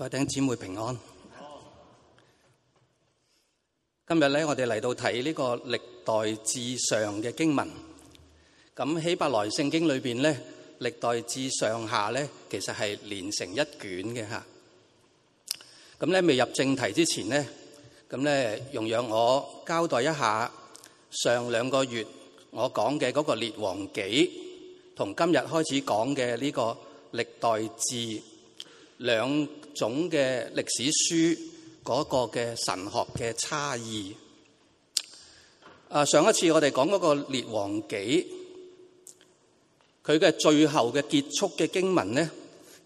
拜頂姊妹平安。今日咧，我哋嚟到睇呢個歷代志上嘅經文。咁《希伯來聖經》裏邊咧，歷代志上下咧，其實係連成一卷嘅吓。咁咧，未入正題之前咧，咁咧，容讓我交代一下上兩個月我講嘅嗰個列王紀，同今日開始講嘅呢個歷代志兩種嘅歷史書嗰、那個嘅神學嘅差異。啊上一次我哋講嗰個列王紀，佢嘅最後嘅結束嘅經文咧，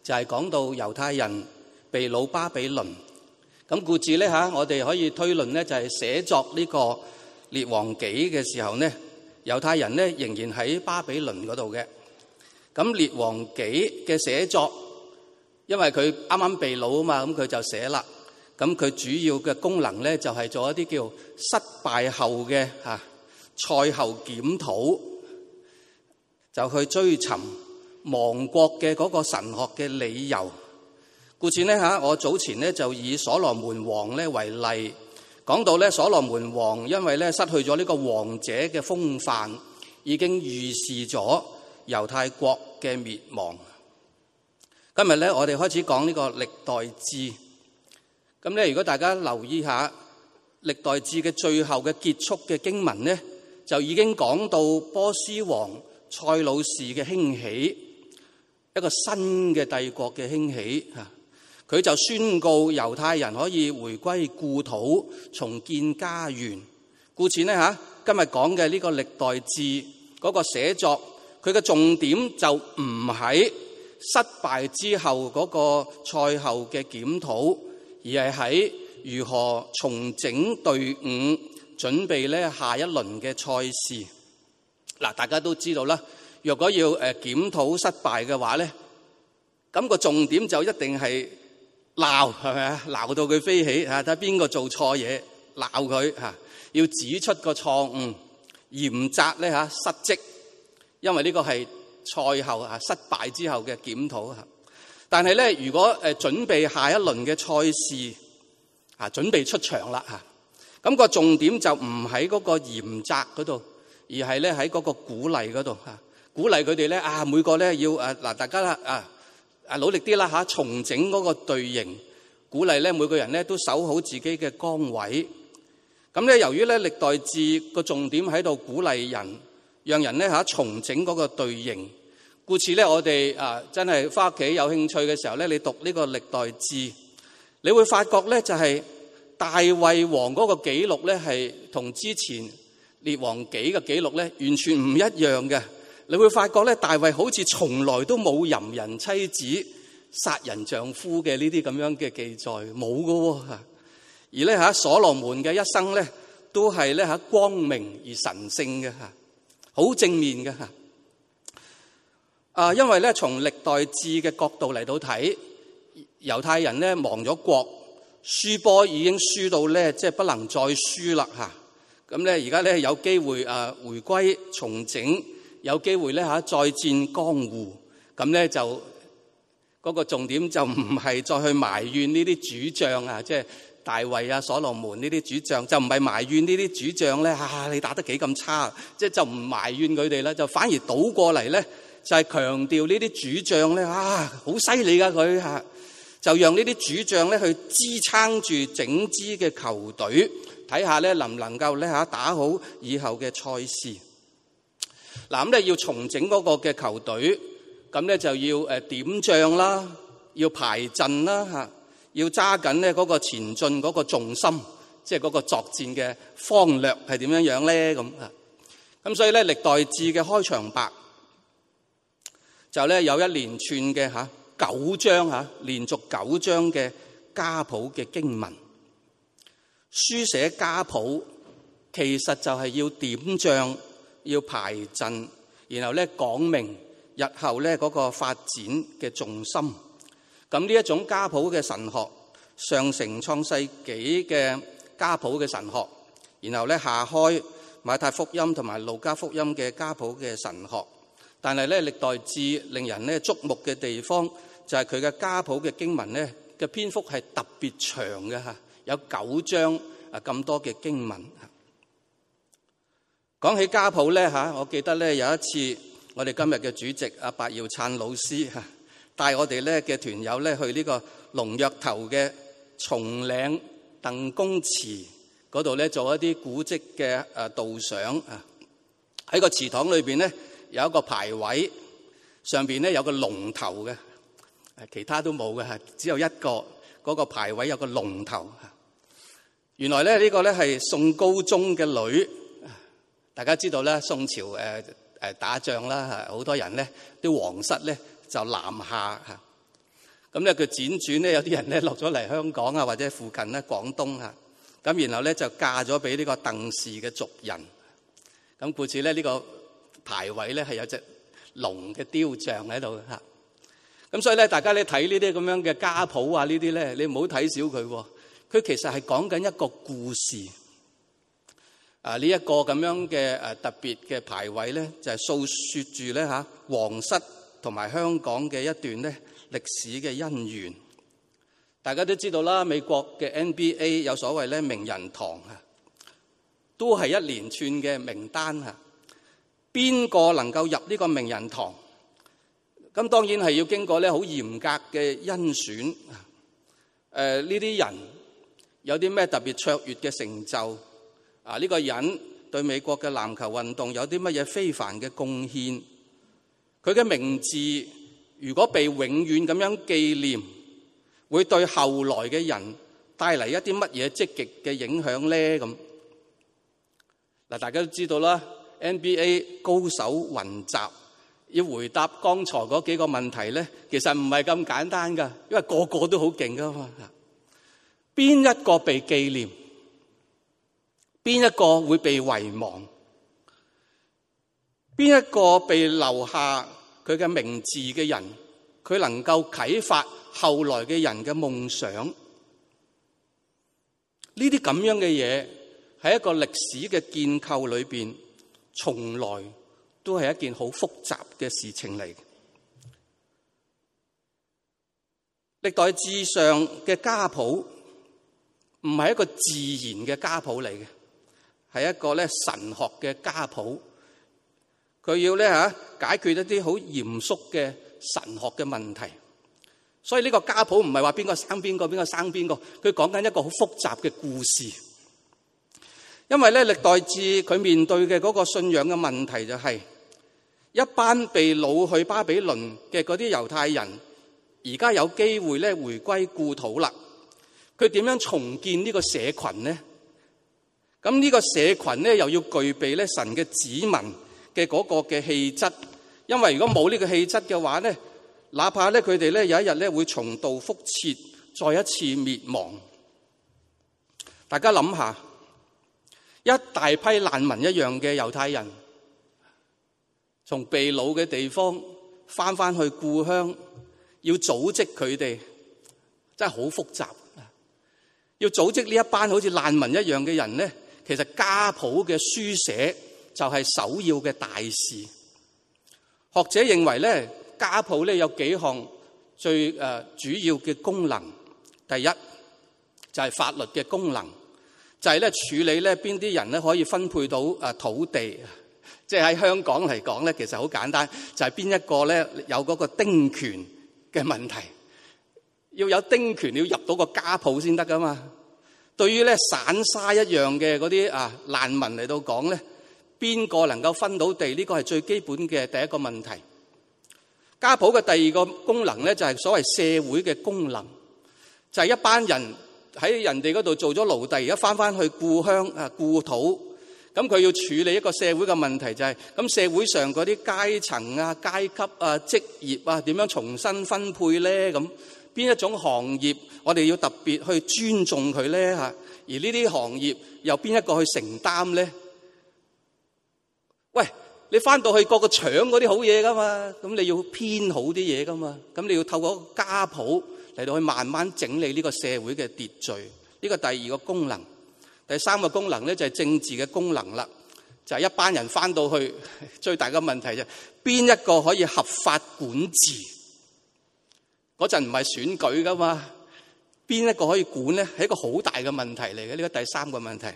就係、是、講到猶太人被擄巴比倫。咁故此咧，我哋可以推論咧，就係、是、寫作呢個列王紀嘅時候咧，猶太人咧仍然喺巴比倫嗰度嘅。咁列王紀嘅寫作。因為佢啱啱被擄啊嘛，咁佢就寫啦。咁佢主要嘅功能咧，就係做一啲叫失敗後嘅嚇賽後檢討，就去追尋亡國嘅嗰個神學嘅理由。故此咧，我早前咧就以所羅門王咧為例，講到咧所羅門王因為咧失去咗呢個王者嘅風範，已經預示咗猶太國嘅滅亡。今日咧，我哋開始講呢個歷代志。咁咧，如果大家留意下歷代志嘅最後嘅結束嘅經文咧，就已經講到波斯王塞魯士嘅興起，一個新嘅帝國嘅興起。佢就宣告猶太人可以回歸故土，重建家園。故此咧吓，今日講嘅呢個歷代志嗰個寫作，佢嘅重點就唔喺，失敗之後嗰個賽後嘅檢討，而係喺如何重整隊伍，準備咧下一輪嘅賽事。嗱，大家都知道啦。若果要誒檢討失敗嘅話咧，咁個重點就一定係鬧係咪啊？鬧到佢飛起嚇，睇下邊個做錯嘢，鬧佢嚇，要指出個錯誤，嚴責咧嚇失職，因為呢個係。賽後啊失敗之後嘅檢討，但係咧，如果誒準備下一輪嘅賽事啊，準備出場啦吓，咁個重點就唔喺嗰個嚴責嗰度，而係咧喺嗰個鼓勵嗰度吓，鼓勵佢哋咧啊每個咧要誒嗱、啊、大家啊啊努力啲啦吓，重整嗰個隊形，鼓勵咧每個人咧都守好自己嘅崗位。咁咧由於咧歷代志個重點喺度鼓勵人。讓人咧嚇重整嗰個隊形，故此咧，我哋啊真係返屋企有興趣嘅時候咧，你讀呢個歷代志，你會發覺咧就係大衛王嗰個記錄咧，係同之前列王紀嘅記錄咧完全唔一樣嘅。你會發覺咧，大衛好似從來都冇淫人妻子、殺人丈夫嘅呢啲咁樣嘅記載，冇嘅喎嚇。而咧嚇所羅門嘅一生咧都係咧嚇光明而神聖嘅嚇。好正面嘅吓啊，因為咧從歷代志嘅角度嚟到睇，猶太人咧亡咗國，輸波已經輸到咧即係不能再輸啦吓，咁咧而家咧有機會啊回歸重整，有機會咧吓再戰江湖，咁咧就嗰個重點就唔係再去埋怨呢啲主將啊，即係。大衛啊，所羅門呢啲主將就唔係埋怨呢啲主將咧，啊你打得幾咁差，即係就唔埋怨佢哋啦，就反而倒過嚟咧，就係強調呢啲主將咧，啊好犀利噶佢吓，就讓呢啲主將咧去支撐住整支嘅球隊，睇下咧能唔能夠咧吓打好以後嘅賽事。嗱咁咧要重整嗰個嘅球隊，咁咧就要誒點將啦，要排陣啦吓。要揸緊呢嗰個前進嗰個重心，即係嗰個作戰嘅方略係點樣樣咧？咁啊，咁所以咧歷代志嘅開場白就咧有一連串嘅吓九章吓連續九章嘅家譜嘅經文，書寫家譜其實就係要點帳要排陣，然後咧講明日後咧嗰個發展嘅重心。咁呢一種家譜嘅神學，上承創世紀嘅家譜嘅神學，然後咧下開馬太福音同埋路加福音嘅家譜嘅神學。但係咧，歷代志令人咧矚目嘅地方，就係佢嘅家譜嘅經文咧嘅篇幅係特別長嘅，有九章啊咁多嘅經文。講起家譜呢，我記得咧有一次，我哋今日嘅主席阿白耀燦老師帶我哋咧嘅團友咧去呢個龍躍頭嘅松嶺鄧公祠嗰度咧做一啲古蹟嘅誒導賞啊！喺個祠堂裏邊咧有一個牌位，上邊咧有個龍頭嘅，誒其他都冇嘅嚇，只有一個嗰、那個牌位有個龍頭嚇。原來咧呢個咧係宋高宗嘅女，大家知道咧宋朝誒誒打仗啦嚇，好多人咧啲皇室咧，就南下嚇，咁咧佢輾轉咧，有啲人咧落咗嚟香港啊，或者附近咧廣東啊。咁然後咧就嫁咗俾呢個鄧氏嘅族人，咁故此咧呢個牌位咧係有隻龍嘅雕像喺度嚇，咁所以咧大家咧睇呢啲咁樣嘅家譜啊呢啲咧，你唔好睇少佢喎，佢其實係講緊一個故事，啊呢一個咁樣嘅誒特別嘅牌位咧，就係訴説住咧嚇皇室同埋香港嘅一段咧歷史嘅恩怨，大家都知道啦。美國嘅 NBA 有所謂咧名人堂啊，都係一連串嘅名單啊。邊個能夠入呢個名人堂？咁當然係要經過咧好嚴格嘅甄選。誒呢啲人有啲咩特別卓越嘅成就啊？呢個人對美國嘅籃球運動有啲乜嘢非凡嘅貢獻？佢嘅名字如果被永遠咁樣紀念，會對後來嘅人帶嚟一啲乜嘢積極嘅影響咧？咁嗱，大家都知道啦，NBA 高手雲集，要回答剛才嗰幾個問題咧，其實唔係咁簡單噶，因為個個都好勁噶嘛。邊一個被紀念？邊一個會被遺忘？邊一個被留下佢嘅名字嘅人，佢能夠啟發後來嘅人嘅夢想？呢啲咁樣嘅嘢，喺一個歷史嘅建構裏邊，從來都係一件好複雜嘅事情嚟。歷代志上嘅家譜唔係一個自然嘅家譜嚟嘅，係一個咧神學嘅家譜。佢要咧嚇解決一啲好嚴肅嘅神學嘅問題，所以呢個家譜唔係話邊個生邊個，邊個生邊個，佢講緊一個好複雜嘅故事。因為咧歷代志佢面對嘅嗰個信仰嘅問題就係一班被擄去巴比倫嘅嗰啲猶太人，而家有機會咧回歸故土啦。佢點樣重建呢個社群咧？咁呢個社群咧又要具備咧神嘅指紋。嘅嗰個嘅氣質，因為如果冇呢個氣質嘅話咧，哪怕咧佢哋咧有一日咧會重蹈覆轍，再一次滅亡。大家諗下，一大批難民一樣嘅猶太人，從避難嘅地方翻翻去故鄉，要組織佢哋，真係好複雜。要組織呢一班好似難民一樣嘅人咧，其實家譜嘅書寫，就係首要嘅大事。學者認為咧，家譜咧有幾項最誒主要嘅功能。第一就係法律嘅功能，就係咧處理咧邊啲人咧可以分配到啊土地。即係喺香港嚟講咧，其實好簡單，就係邊一個咧有嗰個丁權嘅問題，要有丁權要入到個家譜先得噶嘛。對於咧散沙一樣嘅嗰啲啊難民嚟到講咧。邊個能夠分到地？呢、這個係最基本嘅第一個問題。家譜嘅第二個功能咧，就係所謂社會嘅功能，就係、是、一班人喺人哋嗰度做咗奴隸，而家翻翻去故鄉啊故土，咁佢要處理一個社會嘅問題、就是，就係咁社會上嗰啲階層啊、階級啊、職業啊，點樣重新分配咧？咁邊一種行業我哋要特別去尊重佢咧？吓，而呢啲行業由邊一個去承擔咧？喂，你翻到去個個搶嗰啲好嘢噶嘛？咁你要編好啲嘢噶嘛？咁你要透過家譜嚟,到去慢慢整理呢個社會嘅秩序。呢個第二個功能，第三個功能咧，就係政治嘅功能啦。就係一班人翻到去最大嘅問題就係邊一個可以合法管治？嗰陣唔係選舉噶嘛？邊一個可以管咧？係一個好大嘅問題嚟嘅。呢個第三個問題，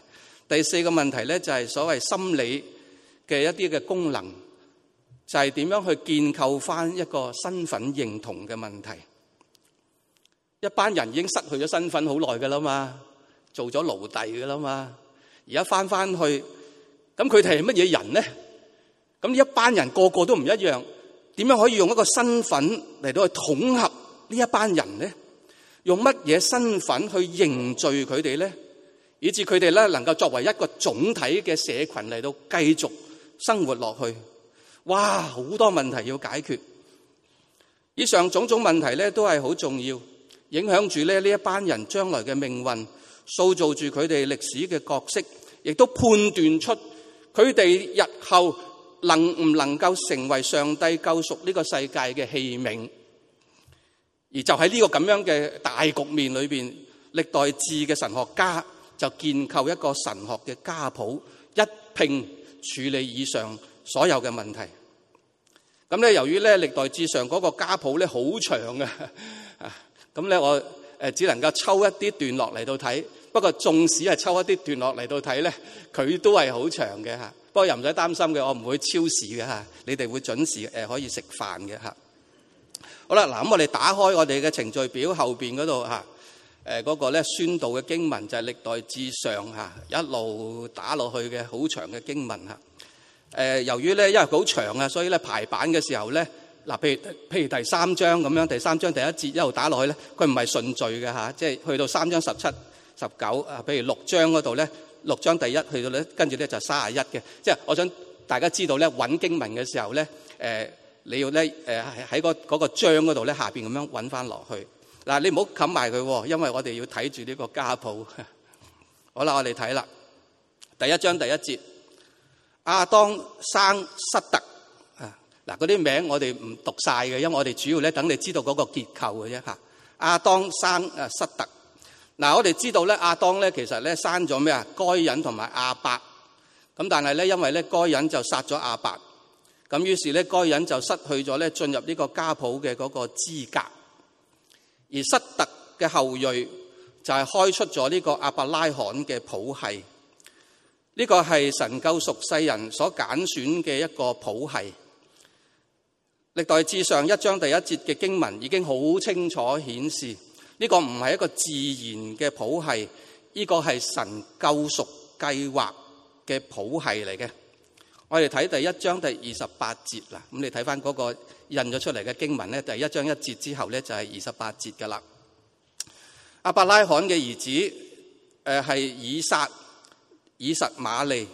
第四個問題咧，就係所謂心理嘅一啲嘅功能，就係點樣去建構翻一個身份認同嘅問題。一班人已經失去咗身份好耐噶啦嘛，做咗奴隸噶啦嘛，而家翻翻去，咁佢哋係乜嘢人呢？咁呢一班人個個都唔一樣，點樣可以用一個身份嚟到去統合呢一班人呢？用乜嘢身份去凝聚佢哋呢？以至佢哋咧能夠作為一個總體嘅社群嚟到繼續。生活落去，哇！好多問題要解決。以上種種問題咧，都係好重要，影響住咧呢一班人將來嘅命運，塑造住佢哋歷史嘅角色，亦都判斷出佢哋日後能唔能夠成為上帝救贖呢個世界嘅器皿。而就喺呢個咁樣嘅大局面裏邊，歷代志嘅神學家就建構一個神學嘅家譜，一拼，處理以上所有嘅問題，由於歷代至上嗰個家譜好長啊，咁咧我只能夠抽一啲段落嚟到睇，不過縱使係抽一啲段落嚟到睇呢，佢都係好長嘅吓。不過又唔使擔心嘅，我唔會超時嘅吓，你哋會準時可以食飯嘅吓。好啦，嗱，我哋打開我哋嘅程序表後面嗰度吓。誒、那、嗰個咧宣道嘅經文就係歷代志上一路打落去嘅好長嘅經文啦。誒，由於咧因為好長啊，所以咧排版嘅時候咧，嗱，譬如譬如第三章咁樣，第三章第一節一路打落去咧，佢唔係順序嘅，即係去到三章十七、十九啊，譬如六章嗰度咧，六章第一去到咧，跟住咧就三十一嘅。即係我想大家知道咧，揾經文嘅時候咧，誒，你要咧喺嗰嗰個章嗰度咧下面咁樣揾翻落去。嗱，你唔好冚埋佢，因為我哋要睇住呢個家譜。好啦，我哋睇啦，第一章第一節，亞當生失特啊！嗱，嗰啲名我哋唔讀晒嘅，因為我哋主要咧等你知道嗰個結構嘅啫嚇。亞當生失特。嗱，我哋知道咧，亞當咧其實咧生咗咩啊？該隱同埋亞伯。咁但係咧，因為咧該隱就殺咗亞伯，咁於是咧該隱就失去咗咧進入呢個家譜嘅嗰個資格。而塞特嘅後裔就係開出咗呢個亞伯拉罕嘅譜系，呢、這個係神救贖世人所揀選嘅一個譜系。歷代志上一章第一節嘅經文已經好清楚顯示，呢、這個唔係一個自然嘅譜系，這個係神救贖計劃嘅譜系嚟嘅。我哋睇第一章第二十八節啦。咁你睇翻嗰個印咗出嚟嘅經文咧，第一章一節之後咧就係二十八節噶啦。阿伯拉罕嘅兒子誒係以撒、以實瑪利。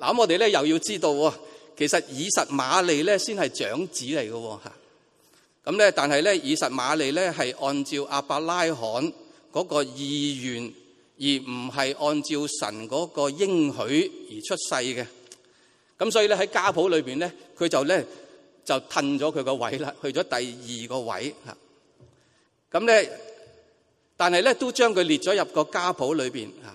嗱咁我哋咧又要知道喎，其實以實瑪利咧先係長子嚟嘅吓。咁咧，但係咧以實瑪利咧係按照阿伯拉罕嗰個意願而唔係按照神嗰個應許而出世嘅。咁所以咧喺家譜裏邊咧，佢就咧就褪咗佢個位啦，去咗第二個位吓。咁咧，但係咧都將佢列咗入個家譜裏邊吓。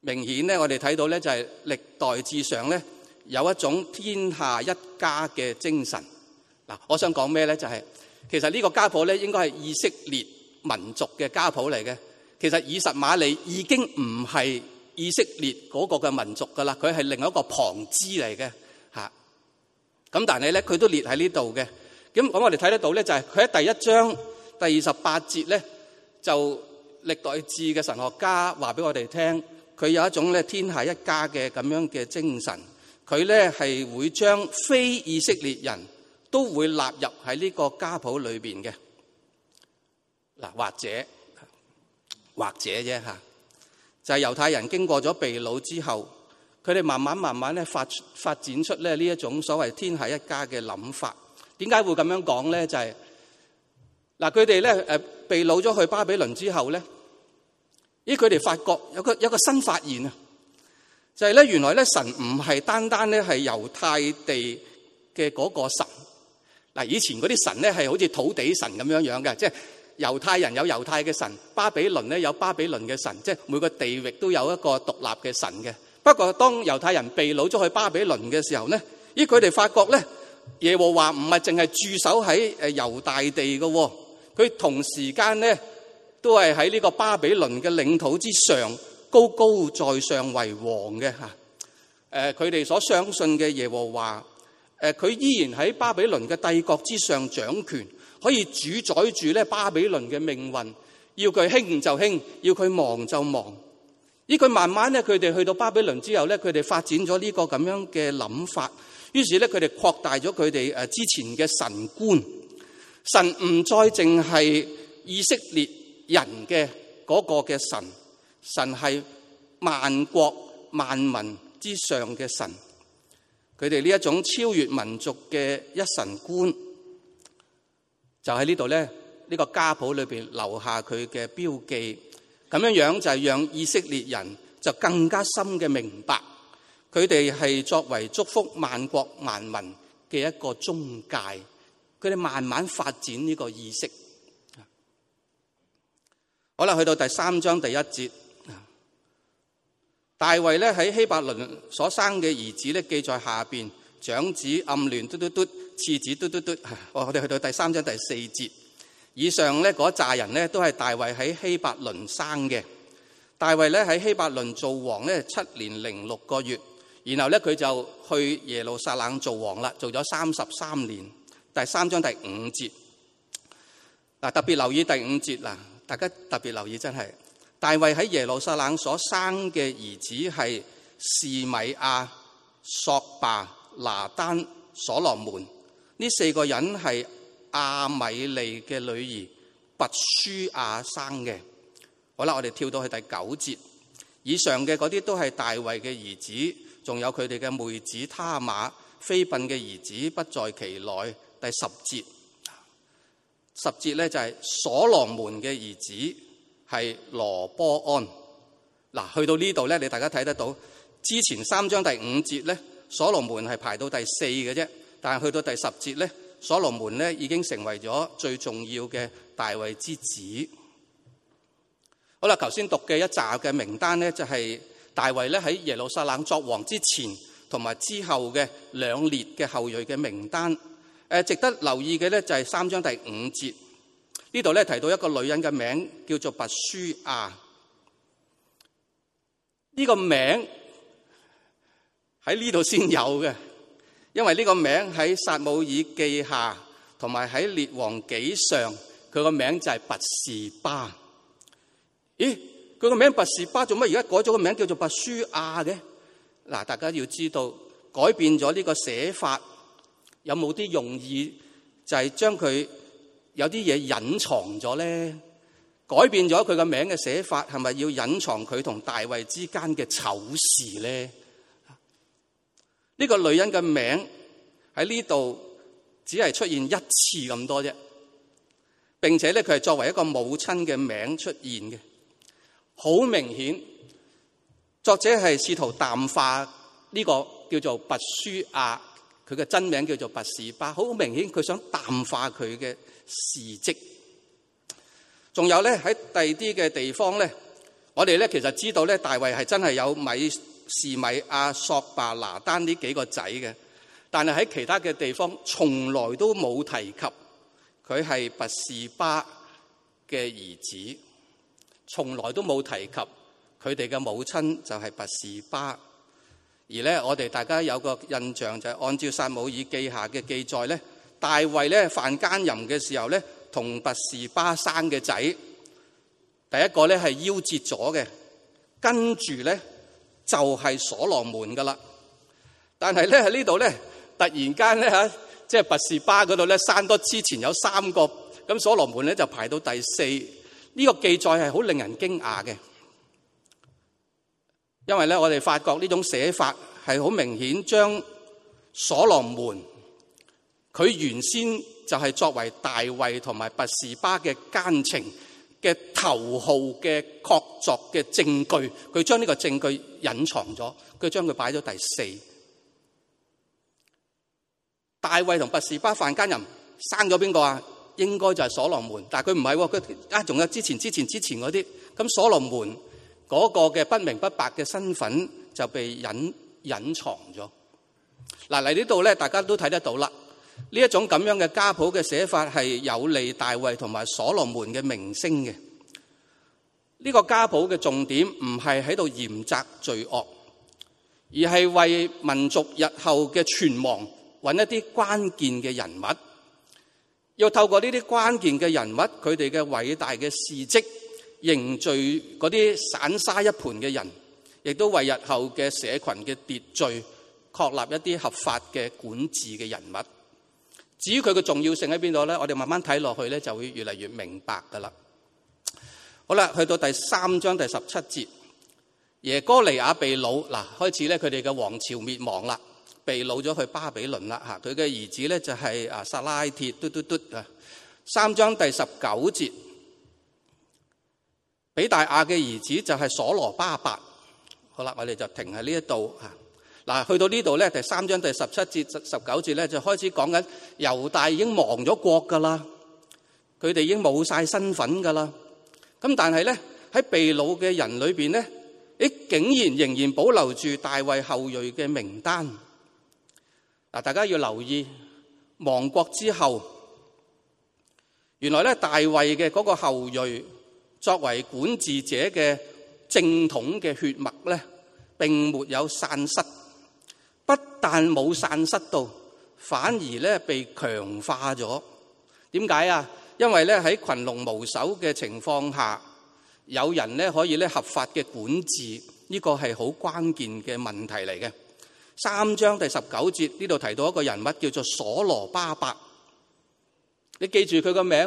明顯咧，我哋睇到咧就係歷代志上咧有一種天下一家嘅精神。嗱，我想講咩咧？就係、是、其實呢個家譜咧應該係以色列民族嘅家譜嚟嘅。其實以實瑪利已經唔係。以色列嗰個嘅民族噶啦，佢係另一個旁支嚟嘅吓。咁但係咧，佢都列喺呢度嘅。咁咁我哋睇得到咧，就係佢喺第一章第二十八節咧，就歷代志嘅神學家話俾我哋聽，佢有一種咧天下一家嘅咁樣嘅精神。佢咧係會將非以色列人都會納入喺呢個家譜裏邊嘅。嗱，或者，或者啫吓。就係、是、猶太人經過咗被擄之後，佢哋慢慢慢慢咧發發展出咧呢一種所謂天下一家嘅諗法。點解會咁樣講咧？就係、是、嗱，佢哋咧誒被擄咗去巴比倫之後咧，咦？佢哋發覺有個有個新發現啊！就係咧，原來咧神唔係單單咧係猶太地嘅嗰個神。嗱，以前嗰啲神咧係好似土地神咁樣樣嘅，即係。猶太人有猶太嘅神，巴比倫咧有巴比倫嘅神，即係每個地域都有一個獨立嘅神嘅。不過當猶太人被擄咗去巴比倫嘅時候咧，依佢哋發覺咧，耶和華唔係淨係駐守喺誒猶大地嘅喎，佢同時間咧都係喺呢個巴比倫嘅領土之上，高高在上為王嘅嚇。誒佢哋所相信嘅耶和華，誒佢依然喺巴比倫嘅帝國之上掌權。可以主宰住咧巴比倫嘅命運，要佢興就興，要佢亡就亡。依佢慢慢咧，佢哋去到巴比倫之後咧，佢哋發展咗呢個咁樣嘅諗法，於是咧佢哋擴大咗佢哋誒之前嘅神觀，神唔再淨係以色列人嘅嗰個嘅神，神係萬國萬民之上嘅神。佢哋呢一種超越民族嘅一神觀。就喺呢度，呢個家譜裏面留下佢嘅標記，咁樣樣就係讓以色列人就更加深嘅明白，佢哋係作為祝福萬國萬民嘅一個中介，佢哋慢慢發展呢個意識。好啦，去到第三章第一節，大衛呢喺希伯倫所生嘅兒子呢，記在下面。長子暗亂嘟嘟嘟，次子嘟嘟嘟。 我哋去到第三章第四節以上咧，嗰扎人咧都係大衛喺希伯倫生嘅。大衛咧喺希伯倫做王咧七年零六個月，然後咧佢就去耶路撒冷做王啦，做咗三十三年。第三章第五節嗱，特別留意第五節嗱，大家特別留意真係，大衛喺耶路撒冷所生嘅兒子係士米亞、索巴拿單、所羅門呢四個人係亞米利嘅女兒拔書亞生嘅。好啦，我哋跳到去第九節以上嘅嗰啲都係大衛嘅兒子，仲有佢哋嘅妹子他瑪，妃嬪嘅兒子不在其內。第十節，十節咧就係、是、所羅門嘅兒子係羅波安。嗱，去到這裡呢度咧，你大家睇得到之前三章第五節咧。所羅門係排到第四嘅啫，但係去到第十節咧，所羅門咧已經成為咗最重要嘅大衛之子。好啦，頭先讀嘅一紮嘅名單咧，就係大衛咧喺耶路撒冷作王之前同埋之後嘅兩列嘅後裔嘅名單。誒，值得留意嘅咧就係三章第五節呢度咧提到一個女人嘅名叫做拔書亞，啊，呢、這個名。喺呢度先有嘅，因為呢個名喺撒母耳記下同埋喺列王紀上，佢個名就係拔士巴。咦，佢個名拔士巴做乜而家改咗個名叫做拔書亞嘅？嗱，大家要知道改變咗呢個寫法，有冇啲用意？就係將佢有啲嘢隱藏咗咧。改變咗佢個名嘅寫法，係咪要隱藏佢同大衛之間嘅醜事咧？呢個女人嘅名喺呢度只係出現一次咁多啫，並且咧，佢係作為一個母親嘅名出現嘅，好明顯作者係試圖淡化呢個叫做拔書亞、啊，佢嘅真名叫做拔士巴，好明顯佢想淡化佢嘅事蹟。仲有咧，喺第二啲嘅地方咧，我哋咧其實知道咧，大衛係真係有米。是米阿索巴拿丹呢幾個仔嘅，但係喺其他嘅地方從來都冇提及佢係拔士巴嘅兒子，從來都冇提及佢哋嘅母親就係拔士巴。而咧，我哋大家有個印象就係、是、按照撒母耳記下嘅記載咧，大衛咧犯奸淫嘅時候咧，同拔士巴生嘅仔第一個咧係夭折咗嘅，跟住咧。就係、是、所羅門㗎喇，但係咧喺呢度咧，突然間咧嚇，即係拔士巴嗰度咧生多之前有三個，咁所羅門咧就排到第四，呢、這個記載係好令人驚訝嘅，因為咧我哋發覺呢種寫法係好明顯將所羅門佢原先就係作為大衛同埋拔士巴嘅奸情。嘅頭號嘅確鑿嘅證據，佢將呢個證據隱藏咗，佢將佢擺咗第四。大衛同拔士巴犯奸淫生咗邊個啊？應該就係所羅門，但佢唔係喎，佢啊仲有之前之前之前嗰啲，咁所羅門嗰個嘅不明不白嘅身份就被隱，隱藏咗。嗱嚟呢度咧，大家都睇得到啦。呢一種咁樣嘅家譜嘅寫法係有利大衛同埋所羅門嘅名聲嘅。呢個家譜嘅重點唔係喺度嚴責罪惡，而係為民族日後嘅存亡揾一啲關鍵嘅人物。要透過呢啲關鍵嘅人物，佢哋嘅偉大嘅事蹟，凝聚嗰啲散沙一盤嘅人，亦都為日後嘅社群嘅秩序確立一啲合法嘅管治嘅人物。至於佢嘅重要性喺邊度呢？我哋慢慢睇落去咧，就會越嚟越明白㗎喇。好啦，去到第三章第十七節，耶哥尼亞被擄嗱，開始咧佢哋嘅王朝滅亡啦，被擄咗去巴比倫啦嚇。佢嘅兒子就係啊撒拉鐵嘟嘟嘟，嘟。三章第十九節，比大亞嘅兒子就係索羅巴伯。好啦，我哋就停喺呢度。嗱，去到呢度咧，第三章第十七節、十九節咧，就開始講緊猶大已經亡咗國噶啦，佢哋已經冇晒身份噶啦。咁但係咧，喺被擄嘅人裏邊咧，你竟然仍然保留住大衛後裔嘅名單。嗱，大家要留意亡國之後，原來咧大衛嘅嗰個後裔作為管治者嘅正統嘅血脈咧，並沒有散失。但冇散失到，反而咧被強化咗。點解啊？因為咧喺羣龍無首嘅情況下，有人咧可以咧合法嘅管治，呢個係好關鍵嘅問題嚟嘅。三章第十九節呢度提到一個人物叫做所羅巴伯，你記住佢個名，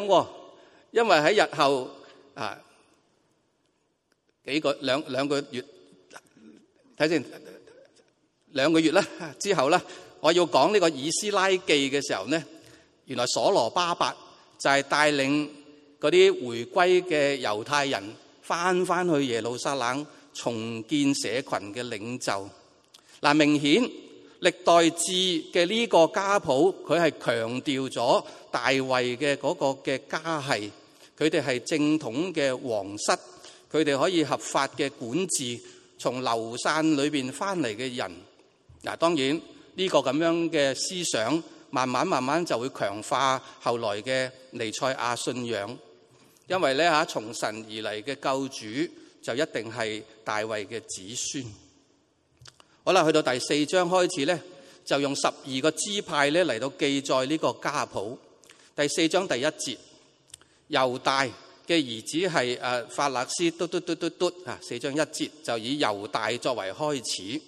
因為喺日後啊幾個兩兩個月睇先。兩個月咧之後咧，我要講呢個以斯拉記嘅時候咧，原來所羅巴伯就係帶領啲回歸嘅猶太人翻翻去耶路撒冷重建社群嘅領袖。嗱，明顯歷代志嘅呢個家譜，佢係強調咗大衛嘅個嘅家系，佢哋係正統嘅皇室，佢哋可以合法嘅管治從流散裏邊翻嚟嘅人。嗱，當然呢個咁樣嘅思想，慢慢慢慢就會強化後來嘅彌賽亞信仰，因為咧嚇從神而嚟嘅救主就一定係大衛嘅子孫。好啦，去到第四章開始咧，就用十二個支派咧嚟到記載呢個家譜。第四章第一節，猶大嘅兒子係法勒斯嘟嘟嘟嘟嘟嚇，四章一節就以猶大作為開始。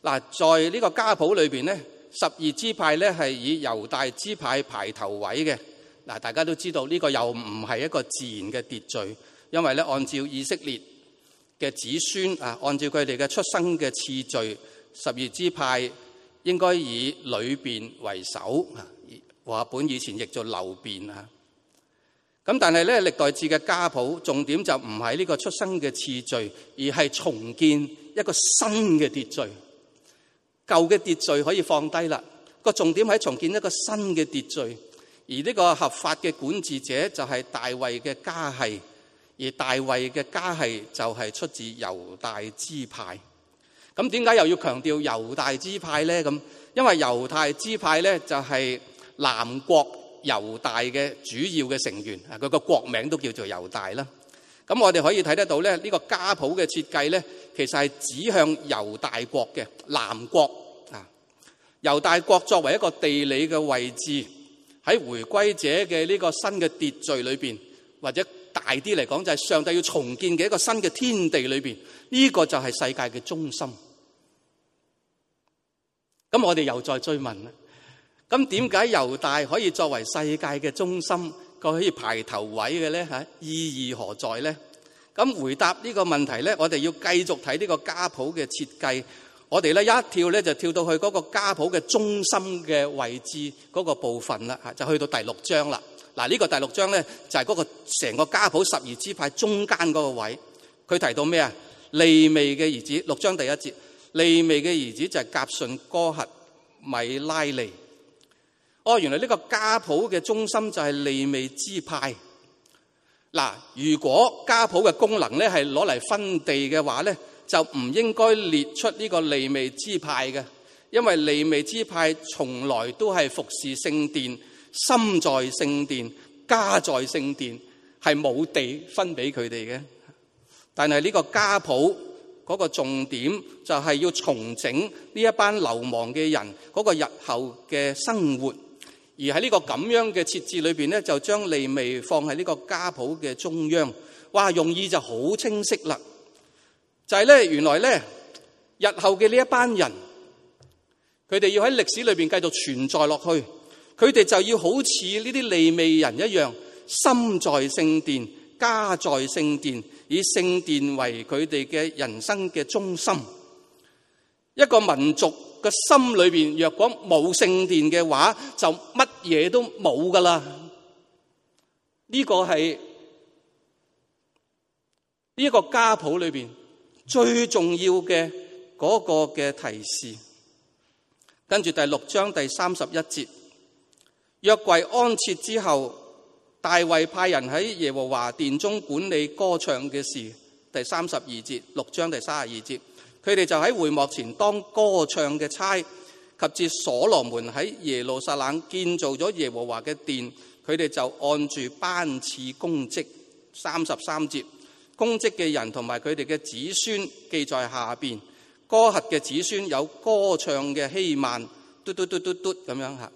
嗱，在呢個家譜裏邊呢，十二支派咧係以猶大支派排頭位嘅。嗱，大家都知道呢、呢個又唔係一個自然嘅秩序，因為咧按照以色列嘅子孫啊，按照佢哋嘅出生嘅次序，十二支派應該以呂便為首啊。話本以前譯做流便啊。咁但係咧，歷代志嘅家譜重點就唔係呢個出生嘅次序，而係重建一個新嘅秩序。舊嘅秩序可以放低啦，個重點喺，重建一個新嘅秩序，而呢個合法嘅管治者就係大衛嘅家系，而大衛嘅家系就係出自猶大支派。咁點解又要強調猶大支派呢？咁因為猶大支派呢，就係南國猶大嘅主要嘅成員，佢個國名都叫做猶大啦。咁我哋可以睇得到咧，呢個家譜嘅設計咧，其實係指向猶大國嘅南國啊。猶大國作為一個地理嘅位置，喺回歸者嘅呢個新嘅秩序裏邊，或者大啲嚟講，就係上帝要重建嘅一個新嘅天地裏邊。呢、這個就係世界嘅中心。咁我哋又再追問啦，咁點解猶大可以作為世界嘅中心？佢可以排頭位嘅咧，意義何在咧？咁回答呢個問題咧，我哋要繼續睇呢個家譜嘅設計。我哋咧一跳咧就跳到去嗰個家譜嘅中心嘅位置嗰個部分啦，就去到第六章啦。嗱，呢個第六章咧就係嗰個成個家譜十二支派中間嗰個位。佢提到咩啊？利未嘅兒子，六章第一節，利未嘅兒子就係革順、哥轄、米拉利。哦，原來呢個家譜嘅中心就係利未支派。嗱，如果家譜嘅功能咧係攞嚟分地嘅話咧，就唔應該列出呢個利未支派嘅，因為利未支派從來都係服侍聖殿，心在聖殿，家在聖殿，係冇地分俾佢哋嘅。但係呢個家譜嗰個重點就係要重整呢一班流亡嘅人嗰個日後嘅生活。而喺呢個咁樣嘅設置裏邊，咧，就將利未放喺呢個家譜嘅中央，哇！用意就好清晰啦。就係、是、咧，原來咧，日後嘅呢一班人，佢哋要喺歷史裏邊繼續存在落去，佢哋就要好似呢啲利未人一樣，心在聖殿，家在聖殿，以聖殿為佢哋嘅人生嘅中心，一個民族。個心裏邊若果冇聖殿嘅話，就乜嘢都冇噶啦。呢個係呢一個家譜裏邊最重要嘅嗰個嘅提示。跟住第六章第三十一節，約櫃安設之後，大衛派人喺耶和華殿中管理歌唱嘅事。第三十二節，六章第三十二節。佢哋就喺會幕前當歌唱嘅差，及至所羅門喺耶路撒冷建造咗耶和華嘅殿，佢哋就按住班次供職。三十三節供職嘅人同埋佢哋嘅子孫記在下面。哥轄嘅子孫有歌唱嘅希曼，嘟嘟嘟嘟嘟咁樣嚇。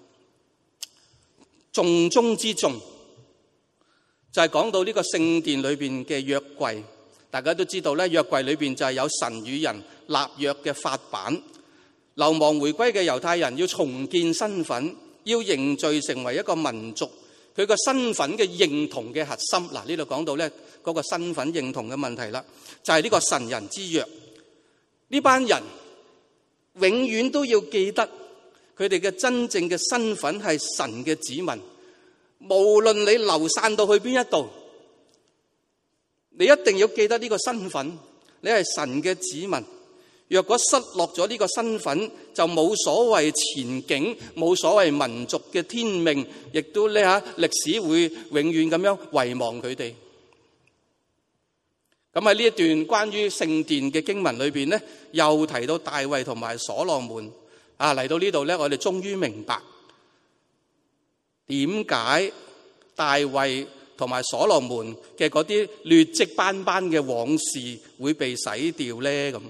重中之重就係、是、講到呢個聖殿裏面嘅約櫃。大家都知道咧，約櫃裏面就係有神與人立約嘅法版。流亡回歸嘅猶太人要重建身份，要凝聚成為一個民族，佢個身份嘅認同嘅核心。嗱，呢度講到咧嗰個身份認同嘅問題啦，就係、是、呢個神人之約。呢班人永遠都要記得佢哋嘅真正嘅身份係神嘅子民。無論你流散到去邊一度。你一定要記得呢個身份，你係神嘅子民。若果失落咗呢個身份，就冇所謂前景，冇所謂民族嘅天命，亦都呢吓歷史會永遠咁樣遺忘佢哋。咁喺呢一段關於聖殿嘅經文裏面呢，又提到大衛同埋所羅門啊，嚟到呢度呢，我哋終於明白點解大衛。同埋所羅門嘅嗰啲劣跡斑斑嘅往事會被洗掉咧？咁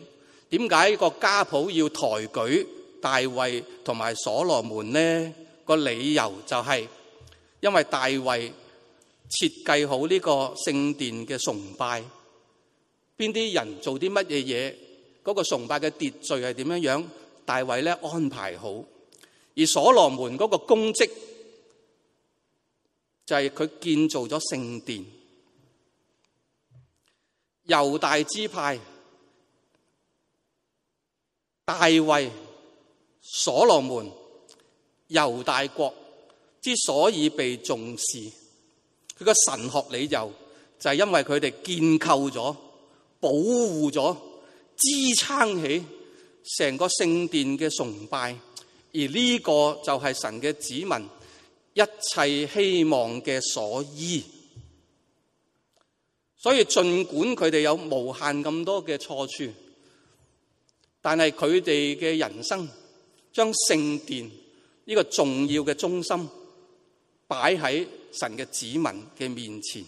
點解個家譜要抬舉大衛同埋所羅門咧？個理由就係因為大衛設計好呢個聖殿嘅崇拜，邊啲人做啲乜嘢嘢，嗰個崇拜嘅秩序係點樣樣？大衛咧安排好，而所羅門嗰個公職。就係、是，佢建造咗聖殿，猶大支派、大衛、所羅門、猶大國之所以被重視，佢個神學理由就係因為佢哋建構咗、保護咗、支撐起成個聖殿嘅崇拜，而呢個就係神嘅子民，一切希望嘅所依，所以盡管佢哋有無限咁多嘅錯處，但是佢哋嘅人生將聖殿呢個重要嘅中心擺喺神嘅子民嘅面前。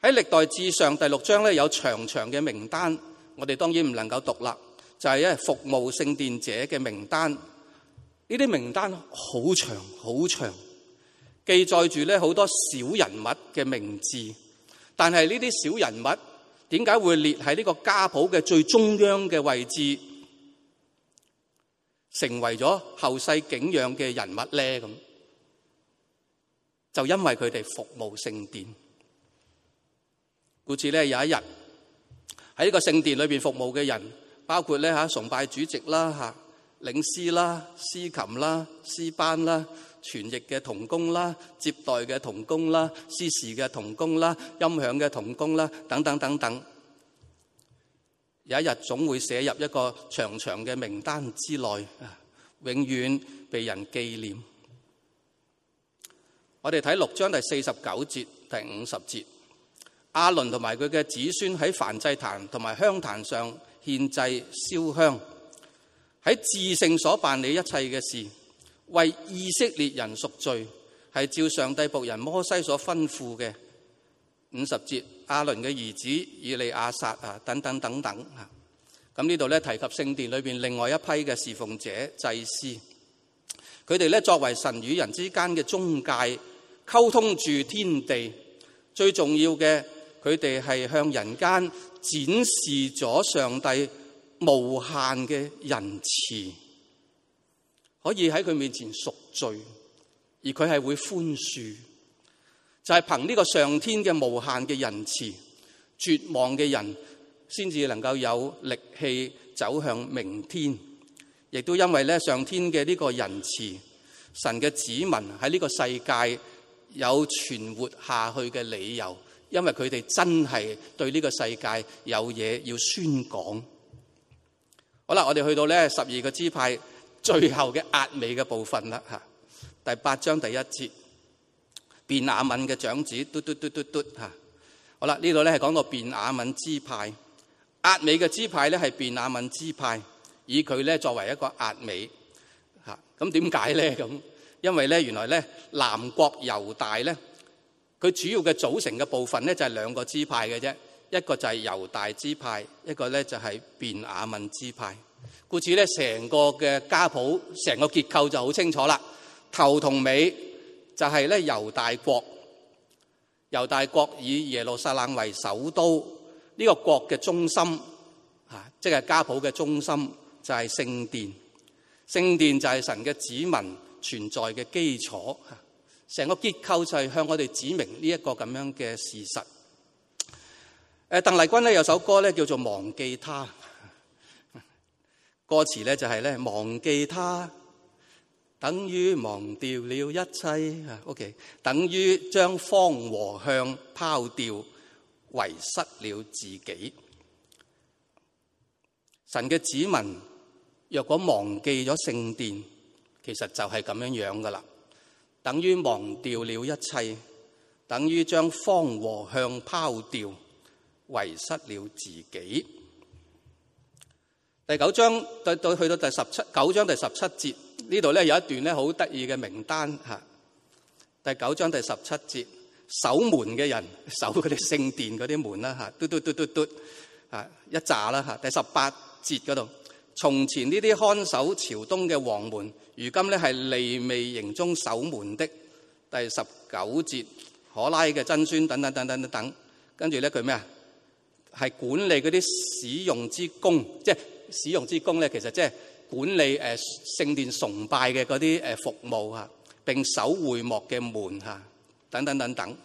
喺歷代志上第六章呢，有長長嘅名單，我哋當然唔能夠讀了就是服務聖殿者嘅名單。呢啲名單好長好長，記載住咧好多小人物嘅名字，但係呢啲小人物點解會列喺呢個家譜嘅最中央嘅位置，成為咗後世敬仰嘅人物咧？咁就因為佢哋服務聖殿，故此咧有一日喺呢個聖殿裏面服務嘅人，包括咧嚇崇拜主席啦領詩啦、司琴啦、詩班啦、傳譯嘅童工啦、接待嘅童工啦、司時嘅童工啦、音響嘅童工啦，等等等等，有一日總會寫入一個長長嘅名單之內，永遠被人紀念。我哋睇六章第四十九節，第五十節，亞倫同埋佢嘅子孫喺燔祭壇同埋香壇上獻祭燒香。喺至聖所辦理一切嘅事，為以色列人贖罪，係照上帝僕人摩西所吩咐嘅。五十節，亞倫嘅兒子以利亞撒啊，等等等等啊。咁呢度咧提及聖殿裏邊另外一批嘅侍奉者祭司，佢哋咧作為神與人之間嘅中介，溝通住天地。最重要嘅，佢哋係向人間展示咗上帝。無限嘅仁慈，可以喺佢面前贖罪，而佢係會寬恕，就係憑呢個上天嘅無限嘅仁慈，絕望嘅人先至能夠有力氣走向明天。亦都因為咧，上天嘅呢個仁慈，神嘅子民喺呢個世界有存活下去嘅理由，因為佢哋真係對呢個世界有嘢要宣講。好啦，我哋去到咧十二個支派最後嘅押尾嘅部分啦嚇，第八章第一節，便雅憫嘅長子，嘟嘟嘟嘟嘟嚇。好啦，呢度咧係講到便雅憫支派，押尾嘅支派咧係便雅憫支派，以佢咧作為一個押尾嚇。咁點解咧咁？因為咧原來咧南國猶大咧，佢主要嘅組成嘅部分咧就係兩個支派嘅啫。一個就係猶大支派，一個咧就係便雅憫支派。故此咧，成個嘅家譜，成個結構就好清楚啦。頭同尾就係咧猶大國，猶大國以耶路撒冷為首都，呢個國嘅中心啊，即係家譜嘅中心就係聖殿。聖殿就係神嘅子民存在嘅基礎，成個結構就係向我哋指明呢一個咁樣嘅事實。鄧麗君有首歌叫做《忘記他》，歌詞就係、是、忘記他，等於忘掉了一切。OK，等於將方和向拋掉，遺失了自己。神嘅子民若果忘記咗聖殿，其實就係咁樣樣噶啦。等於忘掉了一切，等於將方和向拋掉。遺失了自己。第九章，對對去到第十七九章第十七節，呢度咧，有一段咧，好得意嘅名單吓、啊。第九章第十七節，守門嘅人守佢哋聖殿嗰啲門啦吓、啊，嘟嘟嘟嘟嘟一拃啦吓。第十八節嗰度從前呢啲看守朝東嘅王門，如今咧係利未營中守門的。第十九節，可拉嘅曾孫等等等等等等，跟住咧佢咩啊？等等係管理嗰啲使用之功，即使用之功呢，其實即係管理聖殿崇拜嘅嗰啲服務啊，並守會幕嘅門等等等等。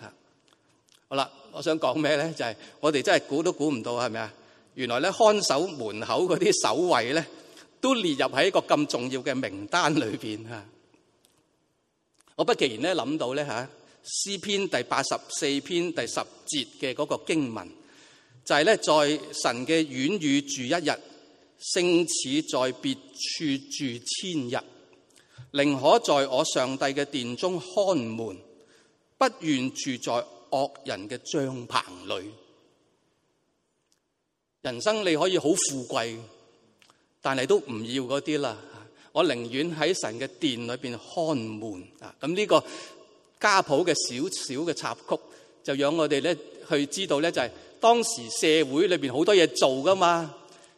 好啦，我想講咩呢？就係我哋真係估都估唔到係咪？原來呢，看守門口嗰啲守衛呢，都列入喺一個咁重要嘅名單裏面。我不期然呢，諗到呢，詩篇第八十四篇第十節嘅嗰個經文。就係咧，在神嘅院宇住一日，勝似在別處住千日。寧可在我上帝嘅殿中看門，不願住在惡人嘅帳棚裏。人生你可以好富貴，但係都唔要嗰啲啦。我寧願喺神嘅殿裏面看門。咁呢個家譜嘅小小嘅插曲，就讓我哋咧去知道咧就係、是。當時社會裏面好多嘢做噶嘛，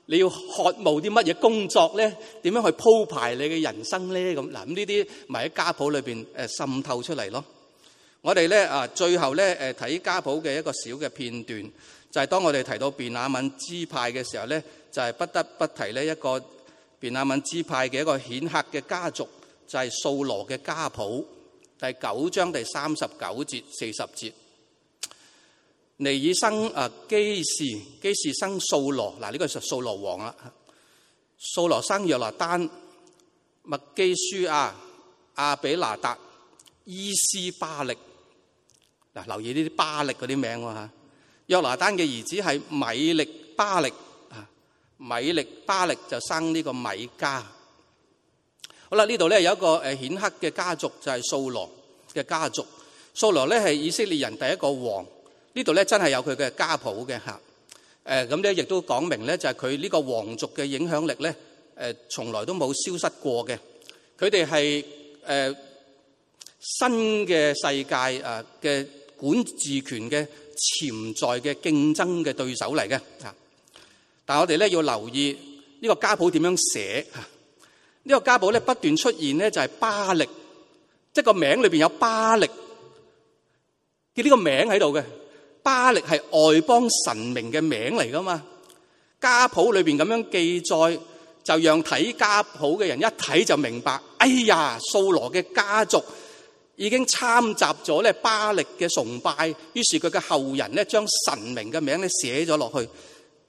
你要渴慕啲乜嘢工作咧？點樣去鋪排你嘅人生咧？咁嗱，咁呢啲咪喺家譜裏面誒滲透出嚟咯。我哋咧啊，最後咧睇家譜嘅一個小嘅片段，就係、是、當我哋提到便雅憫支派嘅時候咧，就係、是、不得不提呢一個便雅憫支派嘅一個顯赫嘅家族，就係掃羅嘅家譜第九章第三十九節四十節。尼珥生啊，基士，基士生掃羅嗱，呢，這個就掃羅王啦。掃羅生約拿單、麥基舒亞、阿比拿達、伊斯巴力嗱。留意呢啲巴力嗰啲名喎嚇。約拿單嘅兒子係米力巴力啊，米力巴力就生呢個米迦。好啦，呢度咧有一個誒顯赫嘅家族就係、是、掃羅嘅家族。掃羅咧係以色列人第一個王。呢度咧真係有佢嘅家譜嘅嚇，誒咁咧亦都講明咧就係佢呢個皇族嘅影響力咧，誒從來都冇消失過嘅。佢哋係誒新嘅世界啊嘅管治權嘅潛在嘅競爭嘅對手嚟嘅嚇。但係我哋咧要留意呢個家譜點樣寫嚇？呢個家譜咧不斷出現咧就係巴力，即係個名裏邊有巴力，嘅呢個名喺度嘅。巴力係外邦神明嘅名嚟㗎嘛？家譜裏邊咁樣記載，就讓睇家譜嘅人一睇就明白。哎呀，掃羅嘅家族已經參雜咗咧巴力嘅崇拜，於是佢嘅後人咧將神明嘅名咧寫咗落去。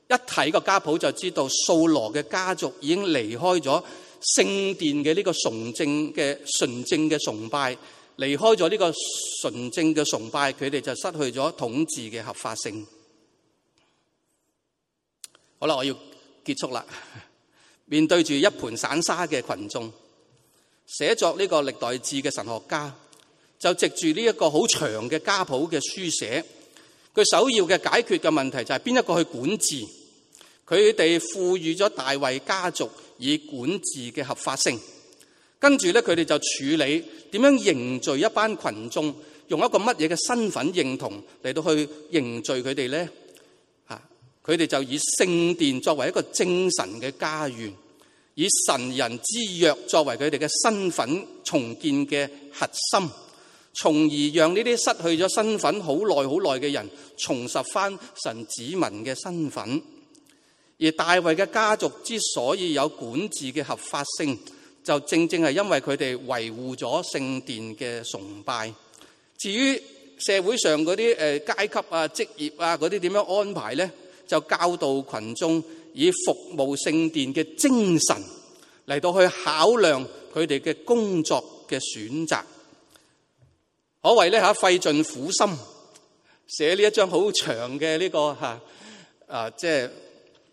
一睇個家譜就知道，掃羅嘅家族已經離開咗聖殿嘅呢個崇正嘅純正嘅崇拜。離開咗呢個純正嘅崇拜，佢哋就失去咗統治嘅合法性。好啦，我要結束啦。面對住一盤散沙嘅群眾，寫作呢個歷代志嘅神學家，就藉住呢一個好長嘅家譜嘅書寫，佢首要嘅解決嘅問題就係邊一個去管治？佢哋賦予咗大衞家族以管治嘅合法性。跟住咧，佢哋就處理點樣凝聚一班群眾，用一個乜嘢嘅身份認同嚟到去凝聚佢哋呢？嚇！佢哋就以聖殿作為一個精神嘅家園，以神人之約作為佢哋嘅身份重建嘅核心，從而讓呢啲失去咗身份好耐好耐嘅人重拾翻神子民嘅身份。而大衛嘅家族之所以有管治嘅合法性，就正正係因為佢哋維護咗聖殿嘅崇拜。至於社會上嗰啲誒階級啊、職業啊嗰啲點樣安排呢，就教導羣眾以服務聖殿嘅精神嚟到去考量佢哋嘅工作嘅選擇。可謂呢嚇費盡苦心寫呢一張好長嘅呢個嚇啊，即係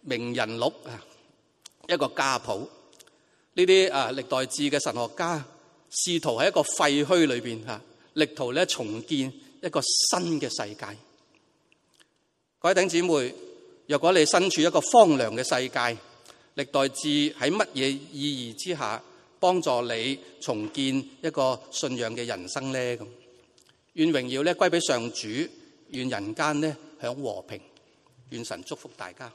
名人錄啊，一個家譜。呢啲啊歷代志嘅神學家試圖喺一個廢墟裏邊吓，力圖咧重建一個新嘅世界。各位弟兄姊妹，若果你身處一個荒涼嘅世界，歷代志喺乜嘢意義之下幫助你重建一個信仰嘅人生咧？咁願榮耀咧歸俾上主，願人間咧享和平，願神祝福大家。